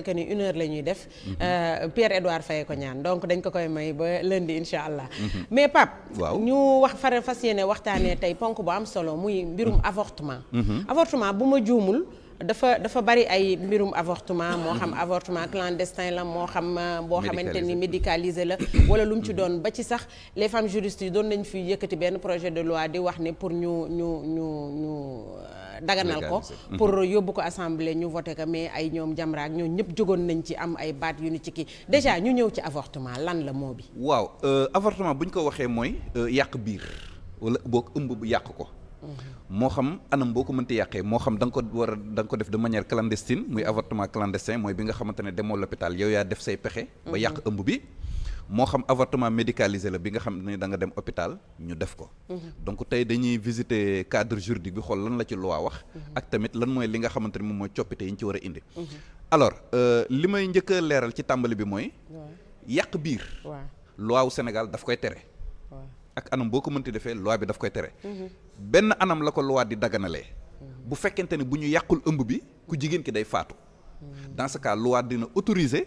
que ni une la ñuy def mhm. euh, Pierre-Edouard Faye ko ñaan donc dañ ko koy may ba lundi incha allah mhm. mais Pape waaw ñu wax fara fas yéene waxtaanee tey ponk bu am solo muy mbirum mhm. avortement avortement bu ma juumul dafa dafa bari ay mbirum avortement moo xam avortement clandestin la moo xam euh, boo xamante ni médicalisé la wala lu ci doon ba ci sax les femmes juristes yi doon nañ fi yëkkati benn projet de loi di wax ne pour ñu ñu ñu ñu euh, daganal ko mhm. pour yóbbu ko assemblée ñu voté ko mais ay ñoom jamraak ñoo ñëpp jógoon nañ ci am ay baat yu ni ci kii déjà ñu ñëw ci avortement lan la moo bi waaw euh, avortement bu ñu ko waxee mooy yàq biir wala boog ëmb bu yàq ko moo xam anam boo ko mënti yàqee moo xam da ko war a da nga ko def de manière clandestine muy avortement clandestin mooy bi nga xamante ne demoo l'hôpital yow yaa def say pexe ba yàq mhm. ëmb bi moo xam avortement médicalisé la bi nga xam ne da nga dem hôpital ñu def ko mhm. donc tey dañuy visiter cadre juridique bi xool lan la ci loi wax mhm. ak tamit lan mooy li nga xamante ne moom mooy coppite yi ñu ci war a indi alors euh, li may njëkk a leeral ci tàmbali bi mooy yàq biir ak anam boo ko mënti defee loi bi daf koy tere. Mhm. benn anam la ko loi di daganalee. bu fekkente ne bu ñu yàqul ëmb bi ku jigéen ki day faatu. Mhm. dans ce dina autoriser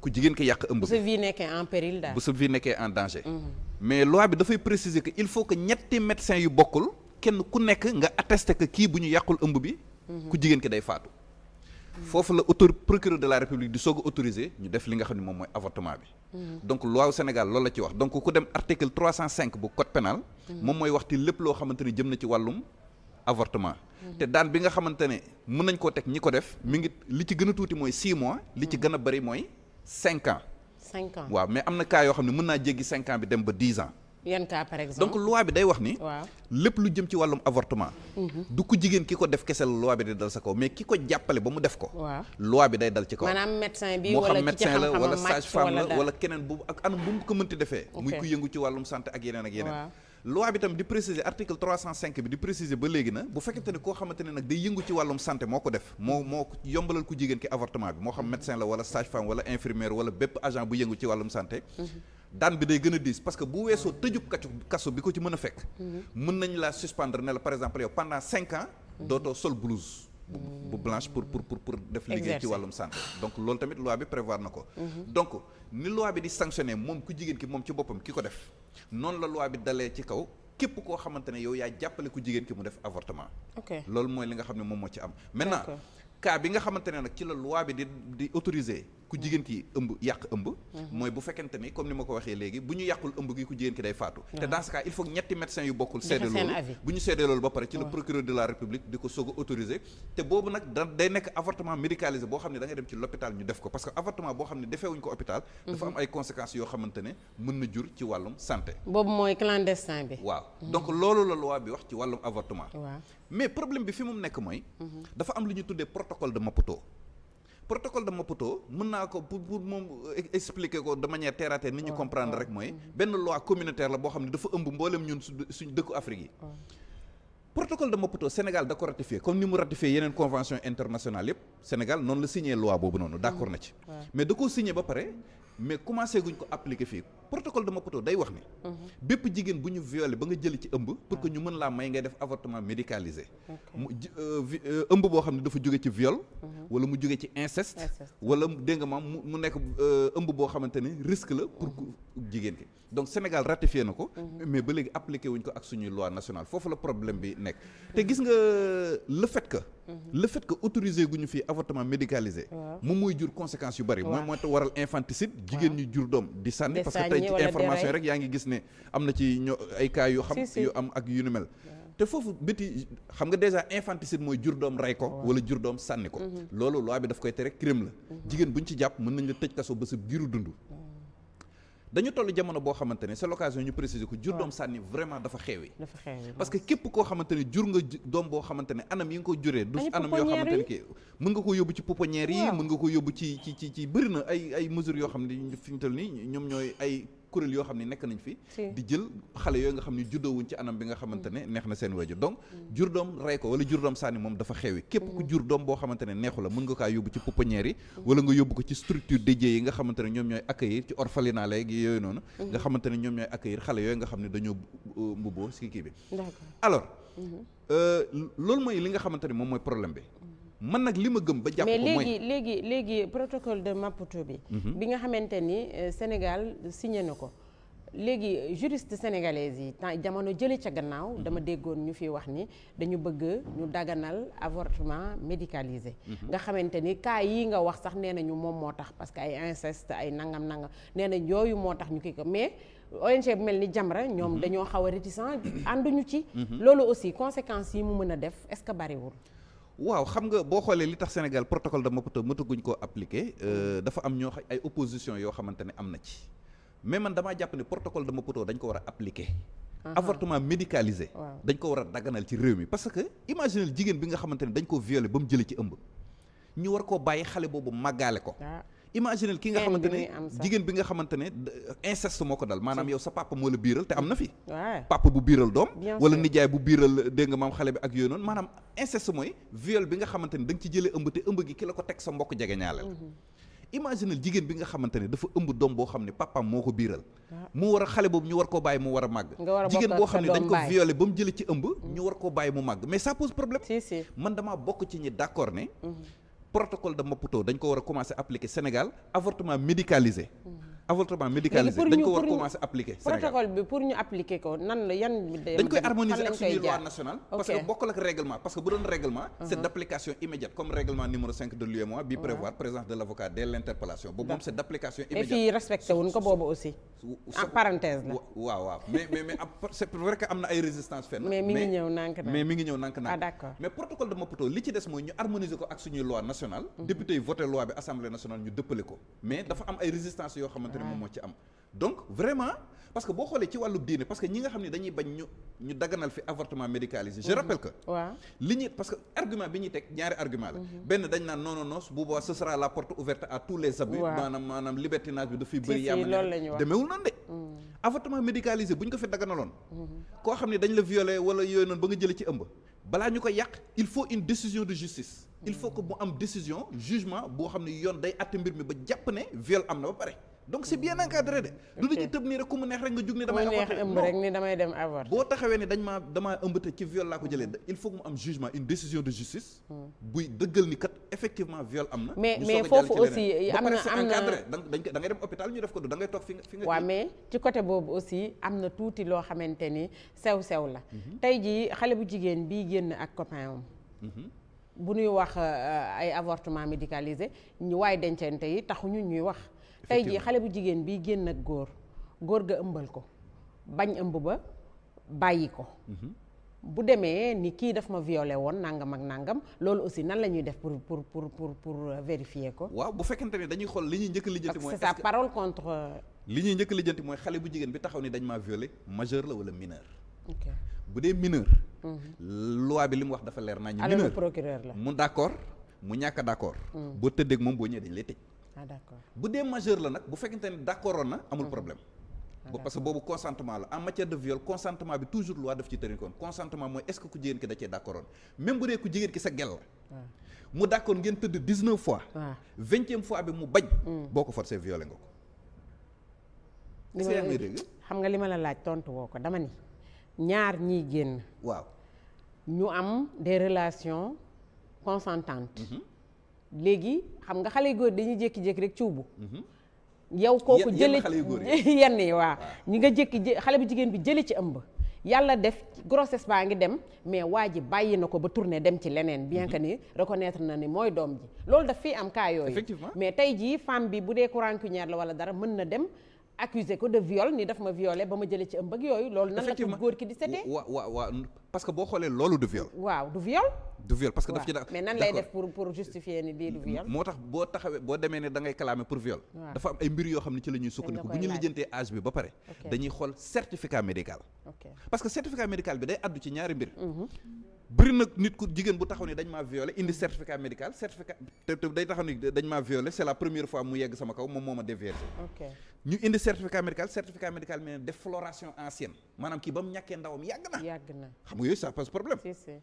ku jigéen ki yàq ëmb bi. bu sa vie nekkee en péril daal. bu sa vie danger. Mhm. mais loi bi dafay préciser ko il faut que ñetti médecins yu bokkul kenn ku nekk nga attester que kii bu ñu yàqul ëmb bi. ku jigéen ki day faatu. foofu la autor procureur de la république di soog autorisé ñu def li nga xam ne moom mooy avortement bi mm-hmm. donc loi Sénégal loolu la ci wax donc ku dem article 305 bu code pénal mm-hmm. moom mooy waxti lépp loo xamante ne jëm na ci wàllum avortement mm-hmm. te daan bi nga xamante ne mën nañ koo teg ñi ko def mi ngi li ci gën a tuuti mooy 6 mois li ci gën a bëri mooy 5 ans 5 ans waaw mais am na cas yoo xam ne mën naa jéggi 5 ans bi dem ba 10 ans yan cas par exemple donc loi bi day wax ni. waaw lépp lu jëm ci wàllum avortement. Mhm. du ko jigéen ki ko def kese la loi bi day dal sa kaw mais ki ko jàppale ba mu def ko. waaw loi bi day dal ci kaw. maanaam bi wala ki ci xam wala sage femme la wala keneen bu ak anam bu mu ko mënti defee. muy ku ci wàllum santé ak yeneen ak yeneen. loi bi tam di préciser article 305 bi di préciser ba léegi na bu fekkente ne koo xamante ne nag day yëngu ci wàllum santé moo ko def moo moo yombalal ku jigéen ki avortement bi moo xam médecin la wala sage femme wala infirmière wala bépp agent bu yëngu ci wàllum santé mhm. daan bi day gën diis parce que bu weesoo tëjub kacu bi ko ci mën a fekk. Mhm. mën nañ laa suspendre ne la par exemple yow pendant cinq ans. Mhm. dootoo sol blouse. bu blanche pour pour pour pour def liggéey ci wàllum santé donc loolu tamit loi bi prévoir na ko. Mhm. donc ni loi bi di sanctionné moom ku jigéen ki moom ci boppam ki ko def noonu la loi bi dalee ci kaw. képp koo xamante ne yow yaa jàppale ku jigéen ki mu def avortement. ok loolu mooy li nga xam ne moom moo ci am. maintenant cas bi nga xamante ne nag ci la loi bi di di autorisé. ku jigéen ki ëmb yàq ëmb mhm. mooy bu fekkente ni comme ni ma ko waxee léegi bu ñu yàqul ëmb gi ku jigéen ki day faatu mhm. te dans il faut ñetti médecins yu bokkul seede loolu bu ñu seede loolu ba pare ci le procureur de la république di ko soog a autorisé te boobu nag da day nekk avortement médicalisé boo xam ne da dem ci l'hôpital ñu def ko parce que avortement boo xam ne defeewuñ ko hôpital dafa am mhm. ay conséquences yoo xamante mën na jur ci wàllum protocole de Maputo mën naa ko pour pour moom euh, expliquer ko de manière terre à nit ñu ah, comprendre ah. rek mooy benn loi communautaire la boo xam ne dafa ëmb mbooleem ñun su suñ dëkku Afrique yi ah. protocole de Maputo Sénégal da ko ratifié comme ni mu ratifié yeneen convention internationale yëpp Sénégal noonu la signé loi boobu noonu d'accord na ci mm. mais da koo signé ba pare mais commencé guñ ko appliquer fii protocole de Maputo day wax ni mm-hmm. bépp jigéen bu ñu viole ba nga jëli ci ëmb pour que ñu mën laa may ngay def avortement médicalisé mu euh, euh, ëmb boo xam ne dafa jóge ci viol mm-hmm. wala mu jóge ci inceste wala dégg nga maam mu nekk euh, ëmb boo xamante ni risque la pour jigéen ki donc Sénégal ratifié na ko. Mhm. mais ba léegi appliqué wuñ ko ak suñuy loi nationale foofu la problème bi nekk. te gis nga euh, le fait que. Mhm. le fait que autorisé gu ñu fii avortement médicalisé. moom mooy jur conséquences yu bari. waaw mooy mooy waral infanticide. jigéen ñi jur doom di sànni. parce tey ci information rek yaa ngi gis ne am na ci ñoo ay cas yu xam. yu am ak yu ni mel. te foofu béti xam nga déjà infanticide mooy jur doom rey ko wala jur doom sànni ko mhm. loolu loi bi daf koy tere crime la jigéen buñ ci jàpp mën nañ la tëj kaso ba sa giiru dund dañu toll jamono boo xamante ne c'est l'occasion ñu préciser ko jur doom sànni vraiment dafa xeewi parce képp koo xamante ne jur nga doom boo xamante ne anam yi nga ko juree du anam yoo xamante ne kii mën nga ko yóbbu ci pouponnière yi mën nga ko yóbbu ci ci ci ci ay ay mesures yoo xam ne fi ñu toll nii ñoom ñooy ay kuréel yoo xam ne nekk nañ fi di jël xale yooyu nga xam ne juddoowuñ ci anam bi nga xamante ne mm. neex na seen waajur donc mm. jur doom rey ko wala jur doom sànni moom dafa xewi képp ku mm. jur doom boo xamante ne neexu la mën nga kaa yóbbu ci pouponnière yi wala nga yóbbu ko ci structure dédiée yi nga xamante ne ñoom ñooy accueillir ci orphelinat yooyu noonu nga xamante ñoom ñooy accueillir xale yooyu nga xam ne dañoo euh, mbubboo si bi alors mm-hmm. euh, loolu mooy li nga xamante ne moom mooy problème bi man nag li ma gëm ba jàpp ko mooy léegi léegi léegi protocole de Maputo bi. Mhm. bi nga xamante ni euh, Sénégal signé na ko. léegi juriste sénégalaise yi temps jamono jële ca gannaaw mhm. dama déggoon ñu fi wax ni dañu bëgg ñu daganal avortement médicalisé mhm. nga xamante ni cas yi nga wax sax nee nañu moom moo tax parce que ay inceste ay nangam nangam nee na yooyu moo tax ñu ki ko mais ONG mel ni Jamra ñoom dañoo xaw a réticent ànduñu ci loolu aussi conséquences yi mu mën a def est-ce que bariwul waaw xam nga boo xoolee li tax Sénégal protocole de Maputo mëtaguñ ko appliqué euh, dafa am ñoo ay opposition yoo xamante ne am na ci mais man damaa jàpp ne protocole de Maputo dañ ko war a appliqué avortement médicalisé dañ ko war a daganal ci réew mi parce que imaginez jigéen bi nga xamante ne dañ ko violé ba mu jëlee ci ëmb ñu war koo bàyyi xale boobu màggaale ko ah. imaginel ki nga xamante ne jigéen bi nga xamante ne euh, inceste moo ko dal maanaam yow sa papa moo la biiral te am na fi papa bu biiral doom wala nijaay bu biiral dégg nga maam xale bi ak yooyu noonu maanaam inceste mooy viol bi nga xamante ne da nga ci jëlee ëmb te ëmb gi ki la ko teg sa mbokk jege ñaaleel mhm. imaginel jigéen bi nga xamante ne dafa ëmb doom boo xam ne papaam moo ko biiral ah. mu war a xale boobu ñu war koo bàyyi mu war a màgg jigéen boo xam ne dañ protocole de Maputo dañ ko war a commencer appliquer Sénégal médicalisé. Mm-hmm. avortement médicalisé dañ ko war commencé appliquer protocole bi pour ñu appliquer ko nan la yan dañ koy harmoniser ak suñu loi nationale parce que bokkul ak règlement parce que bu doon règlement c'est uh-huh. d'application immédiate comme règlement numéro 5 de l'UEMOA bi prévoir présence de l'avocat dès l'interpellation boobu moom c'est d'application immédiate et fii respecté wuñ ko boobu aussi en parenthèse la waaw waaw mais mais mais c'est vrai que am na ay résistance fenn mais mi ngi ñëw nank na mais mi ngi ñëw nank na ah d'accord mais protocole de Maputo li ci des mooy ñu harmoniser ko ak suñuy loi nationale mm-hmm. député yi voté loi bi assemblée nationale ñu dëppale ko mais dafa am ay résistance yoo xamante xamante ne moom moo ci am donc vraiment xoolee ci wàllu diine parce que nga xam ne dañuy bañ ñu ñu daganal fi avortement médicalisé je mhm. rappelle que waaw li ñuy parce teg ñaari argument la mhm. benn dañ naan non non non bu boobaa ce sera la porte ouverte à tous les maanaam maanaam bi dafay bëri yàmm demeewul noonu de mm. avortement médicalisé bu ñu ko fi daganaloon mhm. koo xam ne dañ la violé wala yooyu noonu ba nga jëlee ci ëmb balaa ñu ko yàq il faut une décision de justice il faut mm. que mu am décision jugement boo xam ne yoon day àtte mbir mi ba jàpp ne viol am na ba pare donc c'est bien encadré de. du dañuy tëb nii rek ku mu neex rek nga jug ni damay. avorté ëmb rek ni damay dem avorté. boo taxawee ni dañ maa damaa ëmb te ci viol laa ko jëlee il faut mu am jugement une décision de justice. Hmm. buy dëggal ni kat effectivement viol am na. mais mais foofu aussi am na am na da ngay dem hôpital ñu def ko du da ngay toog fi nga. fi nga am na tuuti loo xamante ni sew sew la. Mhm. tey jii xale bu jigéen bii génn ak copain mhm. bu nuy wax euh, ay avortement médicalisé ñu waaye dencante yi ñu ñuy wax. tey jii xale bu jigéen bi génn ak góor góor ga ëmbal ko bañ ëmb ba bàyyi ko mhm. bu demee ni kii daf ma violé woon nangam ak nangam loolu aussi nan la ñuy def pour pour pour pour pour euh, vérifier ko. waaw bu fekkente ne dañuy xool li ñuy njëkk a lijjanti. mooy c'est sa parole contre. Euh, li ñuy njëkk mooy xale bu jigéen bi taxaw ni dañ ma violé majeur la wala mineur. ok bu dee mineur. Mhm. loi bi li mu wax dafa leer naa ñu. mineur alors procureur la mu d'accord mu ñàkk d'accord. Mhm. boo tëddeeg moom boo ñëwee dañ lay tëj. ah d'accord bu dee majeur la nag bu fekkente ne d'accordoon na amul problème. Ah, parce que boobu consentement la en matière de viol bi toujours loi daf ci tenir compte consentement mooy est-ce que ku jigéen ki da cee d'accordoon même bu dee ku jigéen ki sa gel la. Ah. mu d'accord ngeen tëdd dix fois. waaw ah. fois bi mu bañ. boo ko forcé violé nga ko. li xam nga li ma laaj tontu woo ko dama ni ñaar ñiy génn. waaw ñu am des relations consentantes. Mhm. léegi xam nga xale yu góor dañuy jékki-jékki rek cuubu mhm. yow kooku jële yenn yi waa ñi nga jékki xale bu jigéen bi jële ci ëmb yàlla def grossesse baa ngi dem mais waa ji bàyyi na ko ba tourné dem ci leneen mhm. bien que ni reconnaître na ni mooy doom ji loolu daf fii am cas yooyu mais tey jii femme bi bu dee courant la wala dara mën na dem accusé ko de viol ni daf ma violé ba ma jëlee ci ëmb ak yooyu. loolu nan la ko góor ki di setee wa wa waaw parce boo xoolee loolu du viol. waaw du viol. du viol ci da mais pour justifier ni lii du viol. moo tax boo taxawee boo demee ne da ngay pour viol. dafa am ay mbir yoo xam ne ci la ñuy sukkandiku bu ñu lijjantee âge bi ba pare. dañuy xool certificat médical. parce certificat médical bi day addu ci ñaari mbir. Mm-hmm. bëri nag nit ku jigéen bu taxaw ni dañ ma déversé ñu certificat médical certificat médical mais def ancienne maanaam kii ba mu ñàkkee ndawam yàgg na xam nga yooyu ça pose problème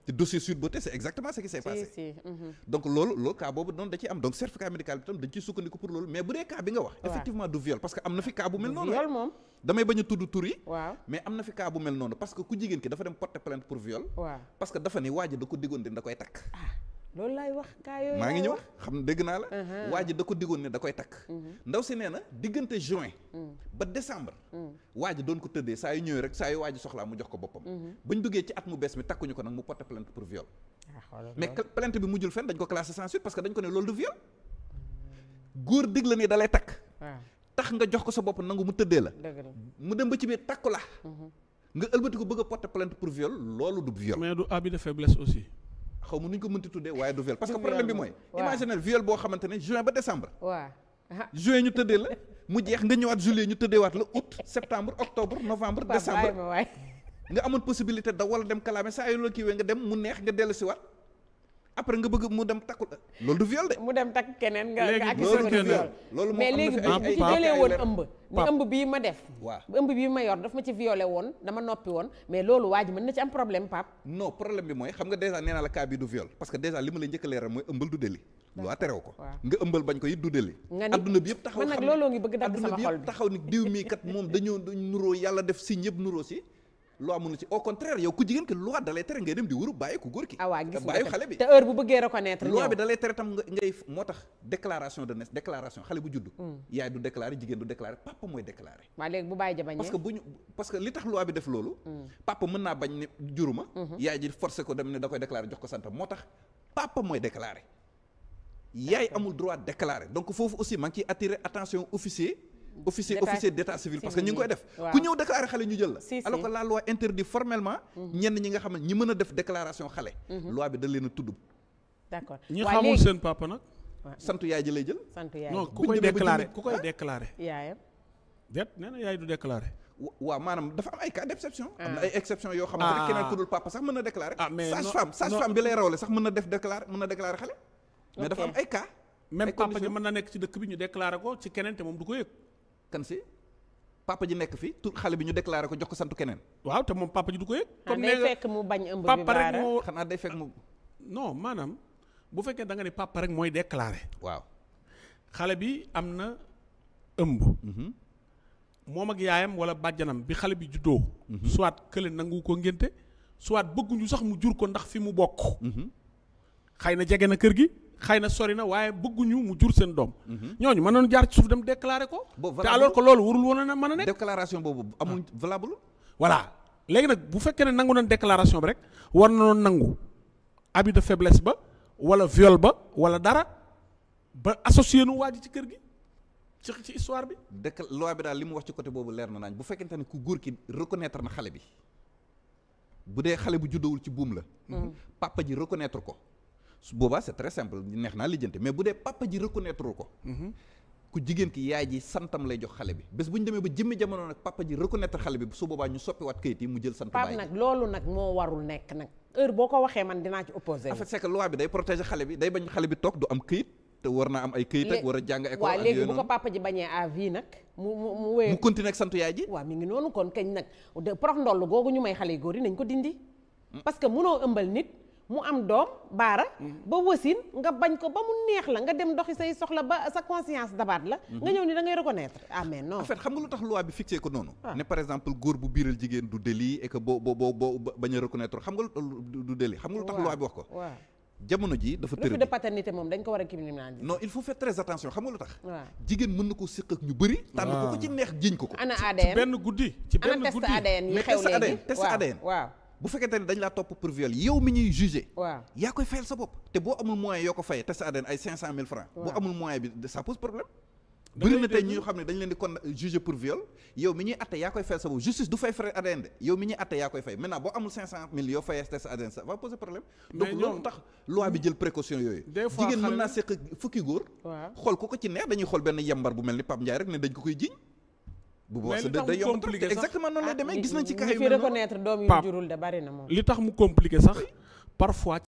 te dossier Sweet Beauté c'est exactement ce qui s'est passé mhm. donc loolu loolu cas boobu noonu da ciy am donc certificat médical bi tam dañ ciy sukkandiku pour loolu mais bu dee cas bi nga wax effectivement du viol parce que am na fi cas bu mel noonu viol moom damay bañ a tudd tur yi. mais am na fi cas bu mel noonu parce que ku jigéen ki dafa dem porter plainte pour viol. waaw parce que dafa ni waa ji da ko diggoon da koy takk. Ah, loolu laay wax cas maa ngi ñëw xam dégg naa la. Uh-huh. waa ji da ko diggoon ne da koy takk. Mm-hmm. ndaw si nee na diggante juin. Mm. ba décembre. Mm. waa ji doon ko tëddee saa yu ñëwee rek saa yu waa soxlaa mu jox ko boppam. Mm-hmm. bañ duggee ci at mu bees mi takkuñu ko nag mu porter plainte pour viol. Ah, mais plainte bi mujjul fenn dañ ko classé sans suite parce que dañ ko ne loolu du viol. góor dig la ne da takk. tax nga jox ko sa bopp nangu mu tëddee la. mu dem ba ci biir la. Mhm. nga ëlbati ko bëgg a porter plainte pour viol loolu du viol. mais du abus de faiblesse aussi. xaw ma nu ñu ko mënti tuddee waaye du viol parce que problème bi mooy. waaw imaginer viol boo xamante ne juin ba décembre. waaw. Ah. juin ñu tëddee la mu jeex nga ñëwaat juillet ñu tëddee waat la août septembre octobre novembre décembre. nga amoon possibilité da wala dem kalaame saa yu la kiiwee nga dem mu neex nga dellusiwaat. après nga bëgg mu dem takku dem takk keneen nga nga ak loolu mais léegi bi ci jëlee woon ëmb ni ëmb bii ma def waaw ëmb ma ci violé woon dama noppi woon mais loolu waa ji mën na ci am problème pap non problème bi mooy xam nga dèjà nee naa la cas bi du viol parce que dèjà li ma la njëkk a leeral mooy ëmbal du délit loi terew ko nga ëmbal bañ ko it du délit adduna bi yëpp taxaw man nag looloo ngi bëgg dagg sama xol bi taxaw ni diw mii kat moom dañoo nuróo yàlla def signe yëpp nuróo si loi mënul ci au contraire yow ku jigéen ki loi dalay tere ngay dem di wuru bàyyi ku góor ki ah bàyyi xale bi te heure bu bëggee reconnaître loi bi dalay tere tam ngay moo tax déclaration de naissance déclaration xale bu judd hmm. yaay du déclaré jigéen du déclaré papa mooy déclaré waaw bu ñu parce li tax loi bi def loolu hmm. papa mën naa bañ ne juruma hmm. yaay ji forcé ko dem ne da koy déclaré jox ko santam moo tax papa mooy déclaré yaay amul droit déclaré donc foofu aussi maa ngi ciy attention officier officier officier d'état civil parce que ñu ngi koy def ku ñëw déclaré xale ñu jël la alors que la loi interdit formellement mhm. ñenn ñi nga xam ne ñi mën a def déclaration xale mhm. loi bi da leen a tudd d'accord lay jël sant yaay ku koy déclaré ku koy déclaré yaayam déet du déclaré waaw maanaam dafa am ay cas d'exception am ah. yoo xam ne rek ah. keneen ku dul papa sax mën na ah, na def déclaré mën na déclaré xale mais dafa am dëkk bi ñu déclaré ko ci keneen te moom du ko yëg kan si papa ji nekk fi tur xale bi ñu déclaré ko jox ko santu keneen. waaw te moom papa ji du ko yëg. Ah, comme day fekk mu bañ ëmb bi papa xanaa day fekk mu. maanaam bu fekkee danga ne papa rek mooy déclaré. waaw xale bi am na ëmb. Mhm. moom ak yaayam wala bàjjanam bi xale bi juddoo. Mhm. soit kële nangu ko ngénte soit bëgguñu sax mu jur ko ndax fi mu bokk. Mhm. xëy na jege na kër gi. xëy na sori na waaye bëgguñu mu jur seen doom. ñooñu mënoon jaar ci suuf dem déclarer ko. te alors que loolu warul woon na mën a nekk. déclaration boobu amul valable. voilà léegi nag bu fekkee ne nangu nañ déclaration bi rek war na nangu abus de faiblesse ba wala viol ba wala dara ba associé nu waa ji ci kër gi. ci ci histoire bi. dekk loi bi daal li mu wax ci côté boobu leer na naañ bu fekkente ne ku góor ki reconnaître na xale bi bu dee xale bu juddowul ci buum la. Mm-hmm. ji reconnaître ko. su boobaa c'est très simple neex naa lijjanti mais bu dee papa ji reconnaître ko. Mhm. ku jigéen ki yaay ji santam lay jox xale bi bu ñu demee ba jëmmi jamono nag papa ji reconnaître xale bi su boobaa ñu soppiwaat kayit yi mu jël sant baay nag boo ko waxee man dinaa ci opposé. en fait bi day protéger xale bi day bañ xale bi am kayit. te war ay war a jàng école waaw léegi bu ko papa ji bañee à nag mu mu mu wéy mu continuer ak sant yaay ji waaw mi ngi noonu kon kañ nag prox ndoll googu ñu may xale yu góor yi nañ ko dindi mm. parce que munoo ëmbal nit mu am doom baara mm. ba wasin nga bañ ko ba mu neex la nga dem doxi say soxla ba sa conscience dabaat la nga mm-hmm. ñëw ni da ngay reconnaître ah mais noonu ah. ne par exemple góor bu biiral jigéen du délit et boo boo boo boo bañ a reconnaître xam nga lu du délit xam nga lu tax loi bi wax ko jamono ji dafa tërë a attention xam nga lu tax jigéen mën na ko siq ak ñu bëri tànn ko ko ci neex jiñ ko ko ana ADN ci benn guddi ci benn guddi ana test ADN yi xew léegi bu fekkente ne dañ laa topp pour viol yow mi ñuy jugé. yaa koy fayal sa bopp. te boo amul moyen yoo ko fayee te sa aden ay 500000 francs boo amul moyen ne dañ leen di kon jugé pour viol yow mi ñuy atte yaa koy sa va poser problème. donc loolu tax loi bi jël précaution yooyu. jigéen mën naa seq fukki góor. waaw xool ku ko ci neex dañuy xool benn yambar bu mel ni Pape Ndiaye rek ne dañ ko koy jiñ bu boobaa day ah, li tax mu compliqué sax parfois